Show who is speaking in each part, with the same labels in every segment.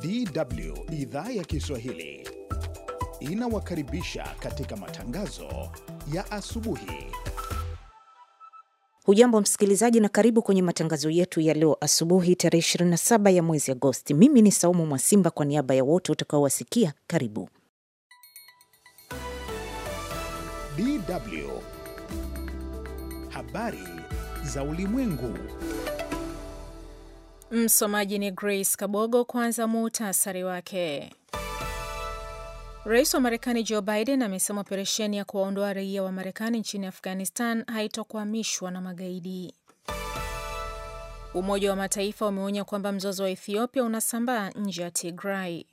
Speaker 1: DW idhaa ya Kiswahili inawakaribisha katika matangazo ya asubuhi. Hujambo msikilizaji, na karibu kwenye matangazo yetu ya leo asubuhi, tarehe 27 ya mwezi Agosti. Mimi ni Saumu Mwasimba, kwa niaba ya wote utakaowasikia, karibu. DW habari za ulimwengu Msomaji ni Grace Kabogo. Kwanza muhtasari wake. Rais wa Marekani Joe Biden amesema operesheni ya kuwaondoa raia wa Marekani nchini Afghanistan haitokwamishwa na magaidi. Umoja wa Mataifa umeonya kwamba mzozo wa Ethiopia unasambaa nje ya tigrai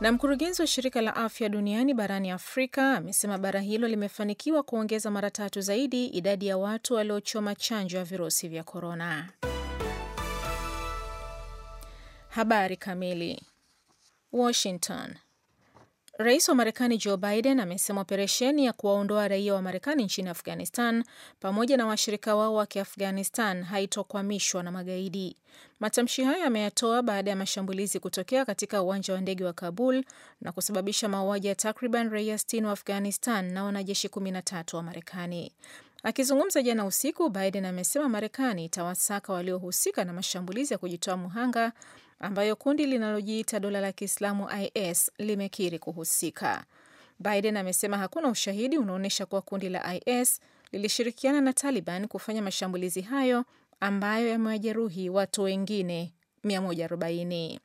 Speaker 1: Na mkurugenzi wa shirika la afya duniani barani Afrika amesema bara hilo limefanikiwa kuongeza mara tatu zaidi idadi ya watu waliochoma chanjo ya virusi vya korona. Habari kamili. Washington. Rais wa Marekani Joe Biden amesema operesheni ya kuwaondoa raia wa Marekani nchini Afghanistan pamoja na washirika wao wa Kiafghanistan haitokwamishwa na magaidi. Matamshi hayo ameyatoa baada ya mashambulizi kutokea katika uwanja wa ndege wa Kabul na kusababisha mauaji ya takriban raia sitini wa Afghanistan na wanajeshi 13 wa Marekani. Akizungumza jana usiku, Biden amesema Marekani itawasaka waliohusika na mashambulizi ya kujitoa muhanga ambayo kundi linalojiita dola la Kiislamu IS limekiri kuhusika. Biden amesema hakuna ushahidi unaonyesha kuwa kundi la IS lilishirikiana na Taliban kufanya mashambulizi hayo ambayo yamewajeruhi watu wengine 140.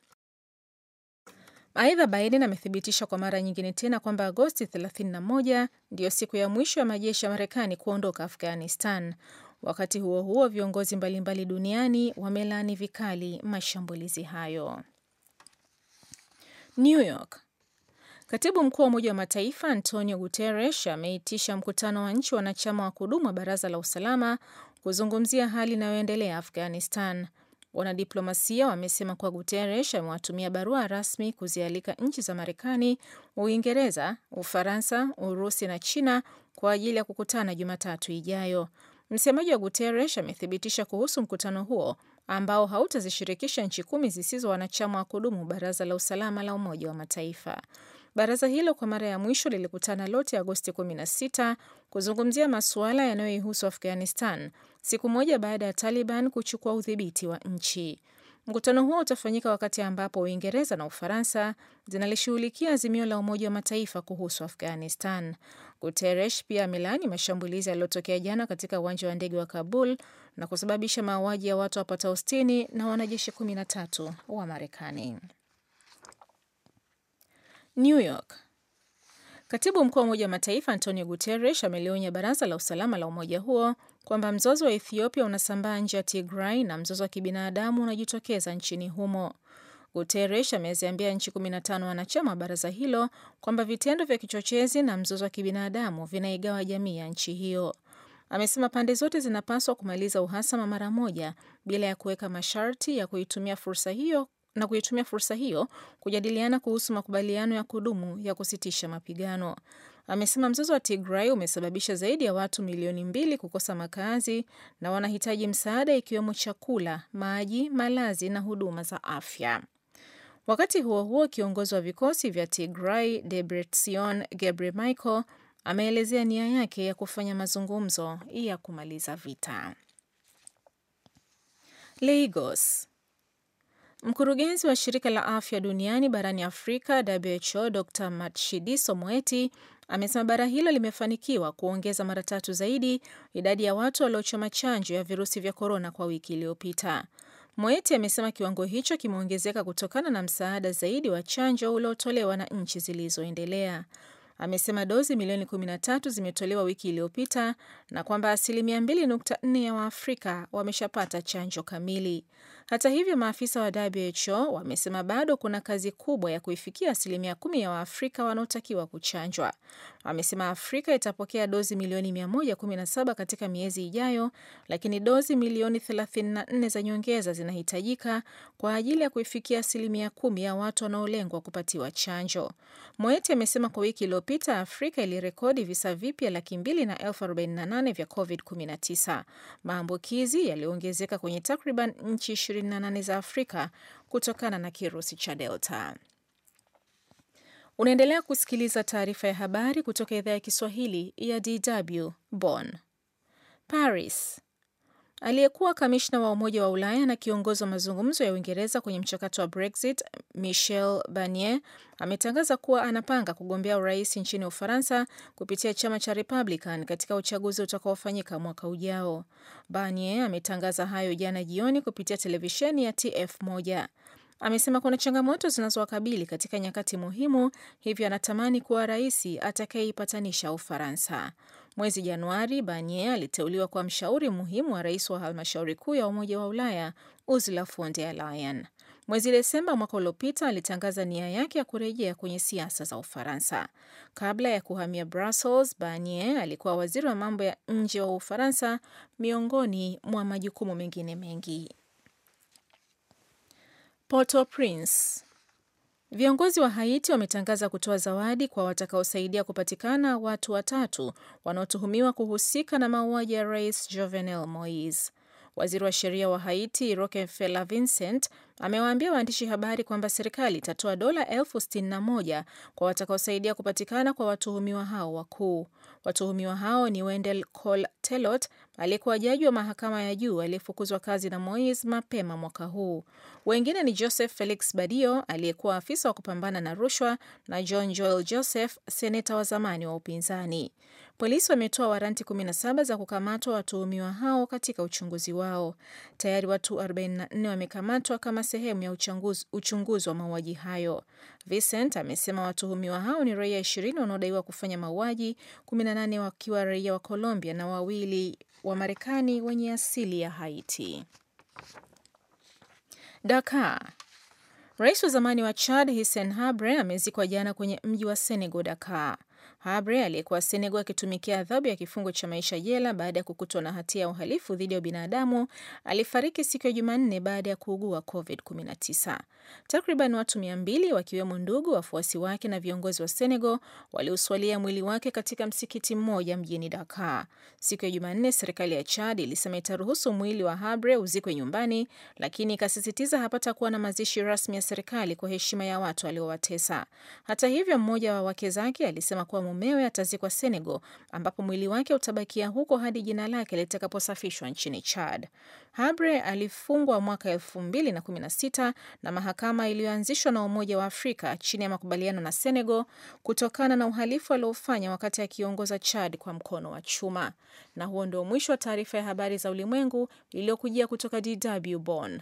Speaker 1: Aidha, Biden amethibitisha kwa mara nyingine tena kwamba Agosti 31 ndiyo siku ya mwisho ya majeshi ya Marekani kuondoka Afghanistan. Wakati huo huo, viongozi mbalimbali mbali duniani wamelaani vikali mashambulizi hayo. New York. Katibu mkuu wa Umoja wa Mataifa Antonio Guterres ameitisha mkutano wa nchi wanachama wa kudumu wa Baraza la Usalama kuzungumzia hali inayoendelea Afghanistan. Wanadiplomasia wamesema kuwa Guterres amewatumia barua rasmi kuzialika nchi za Marekani, Uingereza, Ufaransa, Urusi na China kwa ajili ya kukutana Jumatatu ijayo. Msemaji wa Guterres amethibitisha kuhusu mkutano huo ambao hautazishirikisha nchi kumi zisizo wanachama wa kudumu Baraza la Usalama la Umoja wa Mataifa. Baraza hilo kwa mara ya mwisho lilikutana lote Agosti 16 kuzungumzia masuala yanayoihusu Afghanistan, siku moja baada ya Taliban kuchukua udhibiti wa nchi. Mkutano huo utafanyika wakati ambapo Uingereza na Ufaransa zinalishughulikia azimio la Umoja wa Mataifa kuhusu Afghanistan. Guteresh pia amelaani mashambulizi yaliyotokea jana katika uwanja wa ndege wa Kabul na kusababisha mauaji ya watu wapatao 60 na wanajeshi 13 wa Marekani. New York. Katibu mkuu wa Umoja wa Mataifa Antonio Guterres amelionya baraza la usalama la umoja huo kwamba mzozo wa Ethiopia unasambaa nje ya Tigray na mzozo wa kibinadamu unajitokeza nchini humo. Guterres ameziambia nchi 15 wanachama wa baraza hilo kwamba vitendo vya kichochezi na mzozo wa kibinadamu vinaigawa jamii ya nchi hiyo. Amesema pande zote zinapaswa kumaliza uhasama mara moja bila ya kuweka masharti ya kuitumia fursa hiyo na kuitumia fursa hiyo kujadiliana kuhusu makubaliano ya kudumu ya kusitisha mapigano. Amesema mzozo wa Tigray umesababisha zaidi ya watu milioni mbili kukosa makazi na wanahitaji msaada ikiwemo chakula, maji, malazi na huduma za afya. Wakati huo huo, kiongozi wa vikosi vya Tigray Debretsion Gebremichael ameelezea nia yake ya kufanya mazungumzo ya kumaliza vita. Lagos Mkurugenzi wa shirika la afya duniani barani Afrika, WHO, Dr Matshidiso Moeti amesema bara hilo limefanikiwa kuongeza mara tatu zaidi idadi ya watu waliochoma chanjo ya virusi vya korona kwa wiki iliyopita. Moeti amesema kiwango hicho kimeongezeka kutokana na msaada zaidi wa chanjo uliotolewa na nchi zilizoendelea. Amesema dozi milioni 13 zimetolewa wiki iliyopita na kwamba asilimia 2.4 ya Waafrika wameshapata chanjo kamili. Hata hivyo, maafisa wa WHO wamesema bado kuna kazi kubwa ya kuifikia asilimia kumi ya Waafrika wanaotakiwa kuchanjwa. Wamesema Afrika itapokea dozi milioni 117 katika miezi ijayo, lakini dozi milioni 34 za nyongeza zinahitajika kwa ajili ya kuifikia asilimia kumi ya watu wanaolengwa kupatiwa chanjo. Moeti amesema kwa wiki iliyopita Afrika ilirekodi visa vipya laki mbili na elfu arobaini na nane vya COVID-19. Maambukizi yaliongezeka kwenye takriban nchi 28 za Afrika kutokana na kirusi cha Delta. Unaendelea kusikiliza taarifa ya habari kutoka idhaa ya Kiswahili ya DW Bonn. Paris Aliyekuwa kamishna wa Umoja wa Ulaya na kiongozi wa mazungumzo ya Uingereza kwenye mchakato wa Brexit, Michel Barnier ametangaza kuwa anapanga kugombea urais nchini Ufaransa kupitia chama cha Republican katika uchaguzi utakaofanyika mwaka ujao. Barnier ametangaza hayo jana jioni kupitia televisheni ya TF1. Amesema kuna changamoto zinazowakabili katika nyakati muhimu, hivyo anatamani kuwa rais atakayeipatanisha Ufaransa. Mwezi Januari, Barnier aliteuliwa kuwa mshauri muhimu wa rais wa halmashauri kuu ya Umoja wa Ulaya Ursula von der Leyen. Mwezi Desemba mwaka uliopita alitangaza nia yake ya kurejea kwenye siasa za Ufaransa. Kabla ya kuhamia Brussels, Barnier alikuwa waziri wa mambo ya nje wa Ufaransa, miongoni mwa majukumu mengine mengi. Port-au-Prince Viongozi wa Haiti wametangaza kutoa zawadi kwa watakaosaidia kupatikana watu watatu wanaotuhumiwa kuhusika na mauaji ya rais Jovenel Moise. Waziri wa sheria wa Haiti rokefela Vincent amewaambia waandishi habari kwamba serikali itatoa dola elfu sitini na moja kwa watakaosaidia kupatikana kwa watuhumiwa hao wakuu. Watuhumiwa hao ni Wendel Col Telot, aliyekuwa jaji wa mahakama ya juu aliyefukuzwa kazi na Mois mapema mwaka huu. Wengine ni Joseph Felix Badio, aliyekuwa afisa wa kupambana na rushwa, na John Joel Joseph, seneta wa zamani wa upinzani. Polisi wametoa waranti 17 za kukamatwa watuhumiwa hao katika uchunguzi wao. Tayari watu 44 wamekamatwa kama sehemu ya uchunguzi, uchunguzi wa mauaji hayo. Vincent amesema watuhumiwa hao ni raia ishirini wanaodaiwa kufanya mauaji, kumi na nane wakiwa raia wa Colombia na wawili wa Marekani wenye asili ya Haiti. Dakar. Rais wa zamani wa Chad Hissen Habre amezikwa jana kwenye mji wa Senegal, Dakar. Habre aliyekuwa Senegal akitumikia adhabu ya kifungo cha maisha jela baada ya kukutwa na hatia ya uhalifu dhidi ya binadamu alifariki siku ya Jumanne baada ya kuugua COVID-19. Takriban watu mia mbili wakiwemo ndugu, wafuasi wake na viongozi wa Senegal waliuswalia mwili wake katika msikiti mmoja mjini Dakar. Siku ya Jumanne, serikali ya Chad ilisema itaruhusu mwili wa Habre uzikwe nyumbani, lakini ikasisitiza kuwa na mazishi rasmi ya serikali kwa heshima ya watu aliowatesa. Hata hivyo, mmoja wa wake zake alisema kuwa mumewe atazikwa Senegal, ambapo mwili wake utabakia huko hadi jina lake litakaposafishwa nchini Chad. Habre alifungwa mwaka elfu mbili na kumi na sita na mahakama iliyoanzishwa na Umoja wa Afrika chini ya makubaliano na Senegal kutokana na uhalifu aliofanya wakati akiongoza Chad kwa mkono wa chuma. Na huo ndio mwisho wa taarifa ya habari za ulimwengu iliyokujia kutoka DW Bonn.